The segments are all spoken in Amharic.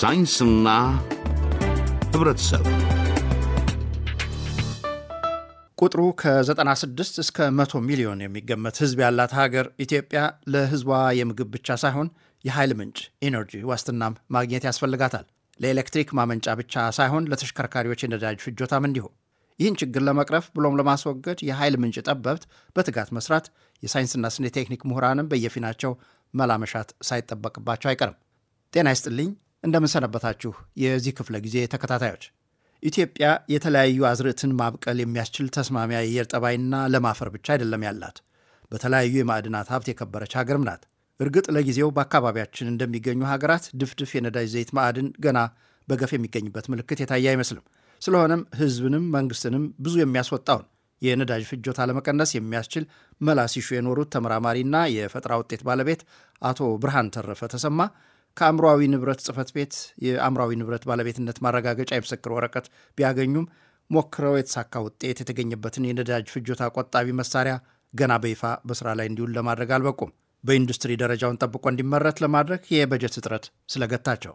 ሳይንስና ህብረተሰብ ቁጥሩ ከ96 እስከ 100 ሚሊዮን የሚገመት ህዝብ ያላት ሀገር ኢትዮጵያ ለህዝቧ የምግብ ብቻ ሳይሆን የኃይል ምንጭ ኢነርጂ ዋስትናም ማግኘት ያስፈልጋታል። ለኤሌክትሪክ ማመንጫ ብቻ ሳይሆን ለተሽከርካሪዎች የነዳጅ ፍጆታም እንዲሁ። ይህን ችግር ለመቅረፍ ብሎም ለማስወገድ የኃይል ምንጭ ጠበብት በትጋት መስራት፣ የሳይንስና ስነ ቴክኒክ ምሁራንም በየፊናቸው መላመሻት ሳይጠበቅባቸው አይቀርም። ጤና ይስጥልኝ፣ እንደምንሰነበታችሁ የዚህ ክፍለ ጊዜ ተከታታዮች። ኢትዮጵያ የተለያዩ አዝርዕትን ማብቀል የሚያስችል ተስማሚ አየር ጠባይና ለም አፈር ብቻ አይደለም ያላት፣ በተለያዩ የማዕድናት ሀብት የከበረች ሀገርም ናት። እርግጥ ለጊዜው በአካባቢያችን እንደሚገኙ ሀገራት ድፍድፍ የነዳጅ ዘይት ማዕድን ገና በገፍ የሚገኝበት ምልክት የታየ አይመስልም። ስለሆነም ሕዝብንም መንግስትንም ብዙ የሚያስወጣውን የነዳጅ ፍጆታ ለመቀነስ የሚያስችል መላ ሲሹ የኖሩት ተመራማሪና የፈጠራ ውጤት ባለቤት አቶ ብርሃን ተረፈ ተሰማ ከአእምሯዊ ንብረት ጽሕፈት ቤት የአእምሯዊ ንብረት ባለቤትነት ማረጋገጫ የምስክር ወረቀት ቢያገኙም ሞክረው የተሳካ ውጤት የተገኘበትን የነዳጅ ፍጆታ ቆጣቢ መሳሪያ ገና በይፋ በስራ ላይ እንዲውል ለማድረግ አልበቁም። በኢንዱስትሪ ደረጃውን ጠብቆ እንዲመረት ለማድረግ የበጀት እጥረት ስለገታቸው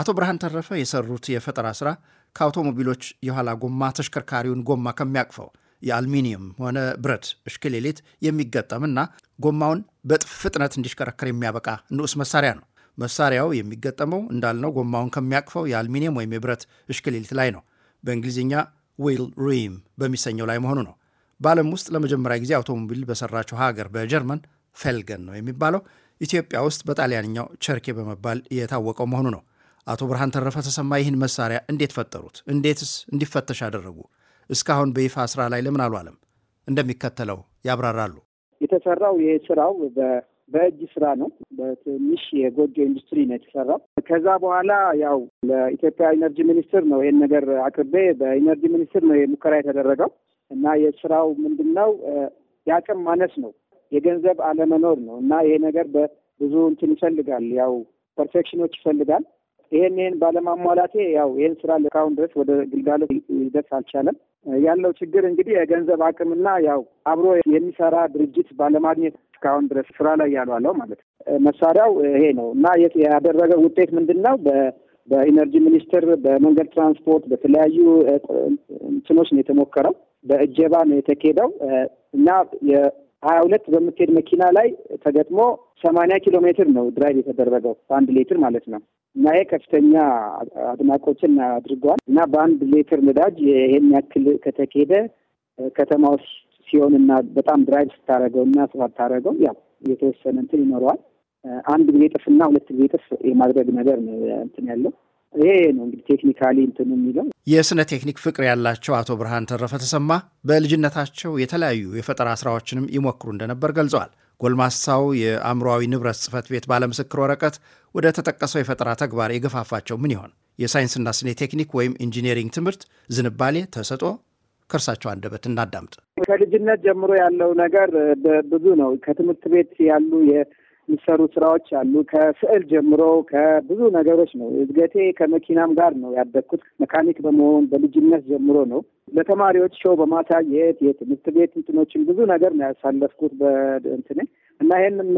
አቶ ብርሃን ተረፈ የሰሩት የፈጠራ ስራ ከአውቶሞቢሎች የኋላ ጎማ ተሽከርካሪውን ጎማ ከሚያቅፈው የአልሚኒየም ሆነ ብረት እሽክሌሌት የሚገጠምና ጎማውን በጥፍ ፍጥነት እንዲሽከረከር የሚያበቃ ንዑስ መሳሪያ ነው። መሳሪያው የሚገጠመው እንዳልነው ጎማውን ከሚያቅፈው የአልሚኒየም ወይም የብረት እሽክሌሌት ላይ ነው። በእንግሊዝኛ ዊል ሪም በሚሰኘው ላይ መሆኑ ነው። በዓለም ውስጥ ለመጀመሪያ ጊዜ አውቶሞቢል በሰራቸው ሀገር በጀርመን ፌልገን ነው የሚባለው። ኢትዮጵያ ውስጥ በጣሊያንኛው ቸርኬ በመባል የታወቀው መሆኑ ነው። አቶ ብርሃን ተረፈ ተሰማ ይህን መሳሪያ እንዴት ፈጠሩት? እንዴትስ እንዲፈተሽ አደረጉ? እስካሁን በይፋ ስራ ላይ ለምን አልዋለም? እንደሚከተለው ያብራራሉ። የተሰራው ይህ ስራው በእጅ ስራ ነው። በትንሽ የጎጆ ኢንዱስትሪ ነው የተሰራው። ከዛ በኋላ ያው ለኢትዮጵያ ኢነርጂ ሚኒስትር ነው ይህን ነገር አቅርቤ፣ በኢነርጂ ሚኒስትር ነው የሙከራ የተደረገው እና የስራው ምንድን ነው የአቅም ማነስ ነው፣ የገንዘብ አለመኖር ነው እና ይሄ ነገር በብዙ እንትን ይፈልጋል፣ ያው ፐርፌክሽኖች ይፈልጋል። ይሄን ይሄን ባለማሟላቴ ያው ይህን ስራ እስካሁን ድረስ ወደ ግልጋሎት ሊደርስ አልቻለም። ያለው ችግር እንግዲህ የገንዘብ አቅምና ያው አብሮ የሚሰራ ድርጅት ባለማግኘት እስካሁን ድረስ ስራ ላይ ያሏለው ማለት ነው። መሳሪያው ይሄ ነው እና ያደረገው ውጤት ምንድን ነው? በኢነርጂ ሚኒስቴር በመንገድ ትራንስፖርት በተለያዩ እንትኖች ነው የተሞከረው። በእጀባ ነው የተኬደው እና የሀያ ሁለት በምትሄድ መኪና ላይ ተገጥሞ ሰማንያ ኪሎ ሜትር ነው ድራይቭ የተደረገው በአንድ ሌትር ማለት ነው። እና ይሄ ከፍተኛ አድናቆችን አድርጓል። እና በአንድ ሌትር ነዳጅ ይሄን ያክል ከተካሄደ ከተማ ውስጥ ሲሆን እና በጣም ድራይቭ ስታደረገው እና ስታደረገው ያው የተወሰነ እንትን ይኖረዋል። አንድ ጊዜ ጥፍና ሁለት ጊዜ ጥፍ የማድረግ ነገር ነው እንትን ያለው ይሄ ነው እንግዲህ ቴክኒካሊ እንትን የሚለው የስነ ቴክኒክ ፍቅር ያላቸው አቶ ብርሃን ተረፈ ተሰማ በልጅነታቸው የተለያዩ የፈጠራ ስራዎችንም ይሞክሩ እንደነበር ገልጸዋል። ጎልማሳው የአእምሮዊ ንብረት ጽፈት ቤት ባለምስክር ወረቀት ወደ ተጠቀሰው የፈጠራ ተግባር የገፋፋቸው ምን ይሆን? የሳይንስና ስነ ቴክኒክ ወይም ኢንጂነሪንግ ትምህርት ዝንባሌ ተሰጦ ከእርሳቸው አንደበት እናዳምጥ። ከልጅነት ጀምሮ ያለው ነገር ብዙ ነው። ከትምህርት ቤት ያሉ የሚሰሩ ስራዎች አሉ። ከስዕል ጀምሮ ከብዙ ነገሮች ነው። እድገቴ ከመኪናም ጋር ነው ያደግኩት። መካኒክ በመሆን በልጅነት ጀምሮ ነው። ለተማሪዎች ሾው በማሳየት የትምህርት ቤት እንትኖችን ብዙ ነገር ነው ያሳለፍኩት በእንትኔ እና ይህንን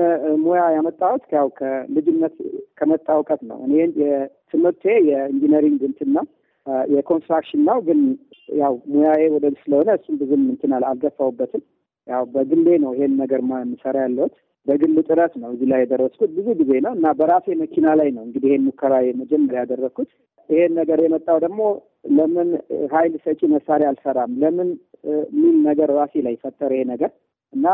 ሙያ ያመጣሁት ያው ከልጅነት ከመጣ እውቀት ነው። እኔ የትምህርቴ የኢንጂነሪንግ እንትን ነው የኮንስትራክሽን ነው። ግን ያው ሙያዬ ወደ ስለሆነ እሱም ብዙም እንትን አልገፋውበትም። ያው በግሌ ነው ይሄን ነገር የምሰራ ያለሁት። በግል ጥረት ነው እዚህ ላይ የደረስኩት። ብዙ ጊዜ ነው እና በራሴ መኪና ላይ ነው እንግዲህ ይህን ሙከራ መጀመሪያ ያደረግኩት። ይሄን ነገር የመጣው ደግሞ ለምን ኃይል ሰጪ መሳሪያ አልሰራም ለምን ሚል ነገር ራሴ ላይ ፈጠረ ይሄ ነገር እና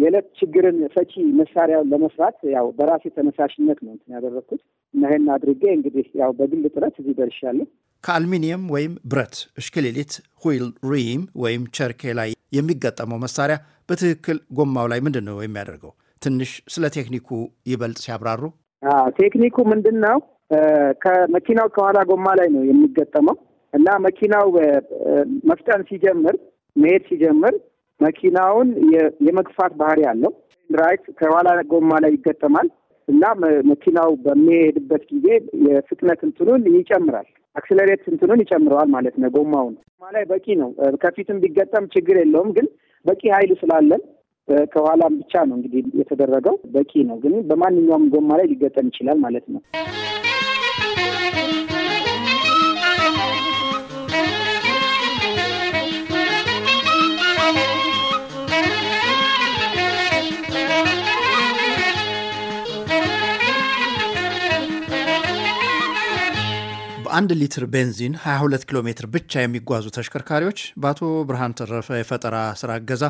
የዕለት ችግርን ፈቺ መሳሪያውን ለመስራት ያው በራሴ ተነሳሽነት ነው እንትን ያደረግኩት እና ይህን አድርጌ እንግዲህ ያው በግል ጥረት እዚህ ደርሻለሁ። ከአልሚኒየም ወይም ብረት እሽክሌሊት ሁል ሪም ወይም ቸርኬ ላይ የሚገጠመው መሳሪያ በትክክል ጎማው ላይ ምንድን ነው የሚያደርገው? ትንሽ ስለ ቴክኒኩ ይበልጥ ሲያብራሩ። ቴክኒኩ ምንድን ነው? ከመኪናው ከኋላ ጎማ ላይ ነው የሚገጠመው እና መኪናው መፍጠን ሲጀምር መሄድ ሲጀምር መኪናውን የመግፋት ባህሪ አለው። ራይት ከኋላ ጎማ ላይ ይገጠማል እና መኪናው በሚሄድበት ጊዜ የፍጥነት እንትኑን ይጨምራል። አክስለሬት እንትኑን ይጨምረዋል ማለት ነው። ጎማውን ጎማ ላይ በቂ ነው። ከፊትም ቢገጠም ችግር የለውም። ግን በቂ ኃይል ስላለን ከኋላም ብቻ ነው እንግዲህ የተደረገው። በቂ ነው ግን በማንኛውም ጎማ ላይ ሊገጠም ይችላል ማለት ነው። በአንድ ሊትር ቤንዚን 22 ኪሎ ሜትር ብቻ የሚጓዙ ተሽከርካሪዎች በአቶ ብርሃን ተረፈ የፈጠራ ስራ እገዛ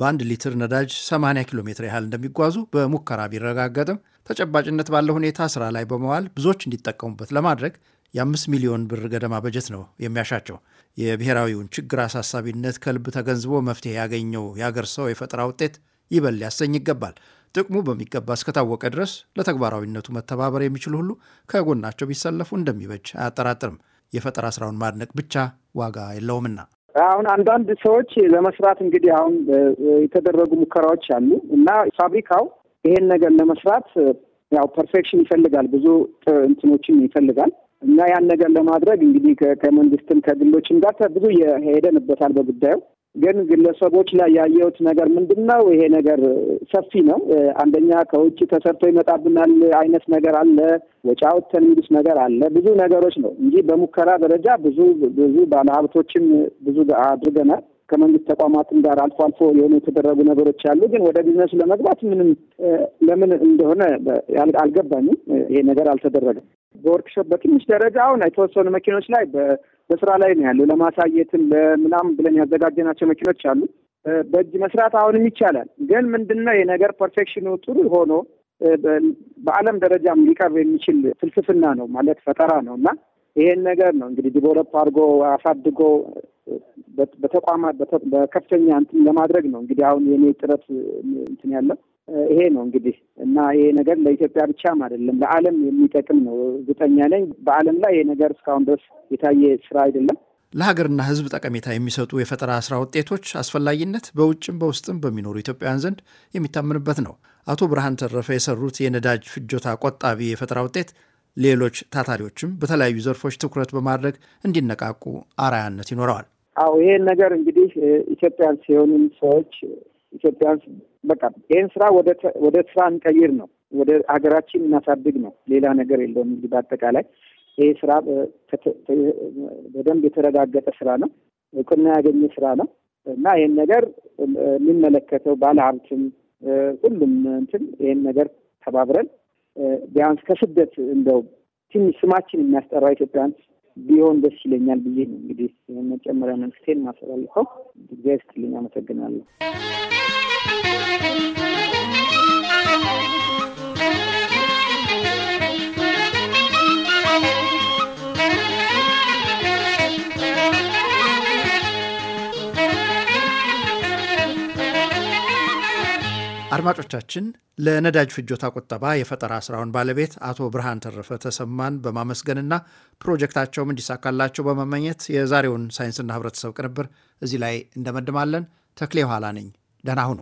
በአንድ ሊትር ነዳጅ 80 ኪሎ ሜትር ያህል እንደሚጓዙ በሙከራ ቢረጋገጥም ተጨባጭነት ባለው ሁኔታ ስራ ላይ በመዋል ብዙዎች እንዲጠቀሙበት ለማድረግ የ5 ሚሊዮን ብር ገደማ በጀት ነው የሚያሻቸው። የብሔራዊውን ችግር አሳሳቢነት ከልብ ተገንዝቦ መፍትሄ ያገኘው የአገር ሰው የፈጠራ ውጤት ይበል ያሰኝ ይገባል። ጥቅሙ በሚገባ እስከታወቀ ድረስ ለተግባራዊነቱ መተባበር የሚችሉ ሁሉ ከጎናቸው ቢሰለፉ እንደሚበጅ አያጠራጥርም። የፈጠራ ስራውን ማድነቅ ብቻ ዋጋ የለውምና አሁን አንዳንድ ሰዎች ለመስራት እንግዲህ አሁን የተደረጉ ሙከራዎች አሉ እና ፋብሪካው ይሄን ነገር ለመስራት ያው ፐርፌክሽን ይፈልጋል፣ ብዙ እንትኖችን ይፈልጋል እና ያን ነገር ለማድረግ እንግዲህ ከመንግስትም ከግሎችም ጋር ብዙ የሄደንበታል በጉዳዩ ግን ግለሰቦች ላይ ያየሁት ነገር ምንድን ነው? ይሄ ነገር ሰፊ ነው። አንደኛ ከውጭ ተሰርቶ ይመጣብናል አይነት ነገር አለ። ወጪ አውጥተን የሚሉት ነገር አለ። ብዙ ነገሮች ነው እንጂ በሙከራ ደረጃ ብዙ ብዙ ባለሀብቶችም ብዙ አድርገናል። ከመንግስት ተቋማትም ጋር አልፎ አልፎ የሆኑ የተደረጉ ነገሮች አሉ። ግን ወደ ቢዝነሱ ለመግባት ምንም ለምን እንደሆነ አልገባኝም። ይሄ ነገር አልተደረገም። በወርክሾፕ በትንሽ ደረጃ አሁን የተወሰኑ መኪኖች ላይ በስራ ላይ ነው ያሉ ለማሳየትም ለምናምን ብለን ያዘጋጀናቸው መኪኖች አሉ። በእጅ መስራት አሁንም ይቻላል። ግን ምንድነው የነገር ፐርፌክሽኑ ጥሩ ሆኖ በዓለም ደረጃም ሊቀርብ የሚችል ፍልስፍና ነው ማለት ፈጠራ ነው እና ይሄን ነገር ነው እንግዲህ ዲቨሎፕ አድርጎ አሳድጎ በተቋማት በከፍተኛ እንትን ለማድረግ ነው እንግዲህ አሁን የኔ ጥረት እንትን ያለው ይሄ ነው እንግዲህ እና ይሄ ነገር ለኢትዮጵያ ብቻም አይደለም ለዓለም የሚጠቅም ነው። እርግጠኛ ነኝ በዓለም ላይ ይሄ ነገር እስካሁን ድረስ የታየ ስራ አይደለም። ለሀገርና ሕዝብ ጠቀሜታ የሚሰጡ የፈጠራ ስራ ውጤቶች አስፈላጊነት በውጭም በውስጥም በሚኖሩ ኢትዮጵያውያን ዘንድ የሚታምንበት ነው። አቶ ብርሃን ተረፈ የሰሩት የነዳጅ ፍጆታ ቆጣቢ የፈጠራ ውጤት ሌሎች ታታሪዎችም በተለያዩ ዘርፎች ትኩረት በማድረግ እንዲነቃቁ አራያነት ይኖረዋል። አዎ ይሄን ነገር እንግዲህ ኢትዮጵያን ሲሆኑም ሰዎች ኢትዮጵያ በቃ ይህን ስራ ወደ ስራ እንቀይር ነው፣ ወደ ሀገራችን እናሳድግ ነው። ሌላ ነገር የለውም። እንግዲህ በአጠቃላይ ይህ ስራ በደንብ የተረጋገጠ ስራ ነው፣ እውቅና ያገኘ ስራ ነው እና ይህን ነገር የሚመለከተው ባለሀብትም ሁሉም እንትን ይህን ነገር ተባብረን ቢያንስ ከስደት እንደው ትንሽ ስማችን የሚያስጠራ ኢትዮጵያን ቢሆን ደስ ይለኛል ብዬ ነው እንግዲህ መጨመሪያ መንግስቴን ማስተላልፈው። ጊዜ ስትልኝ አመሰግናለሁ። አድማጮቻችን ለነዳጅ ፍጆታ ቁጠባ የፈጠራ ስራውን ባለቤት አቶ ብርሃን ተረፈ ተሰማን በማመስገንና ፕሮጀክታቸውም እንዲሳካላቸው በመመኘት የዛሬውን ሳይንስና ህብረተሰብ ቅንብር እዚህ ላይ እንደመድማለን። ተክሌ ኋላ ነኝ። ደህና ሁኑ።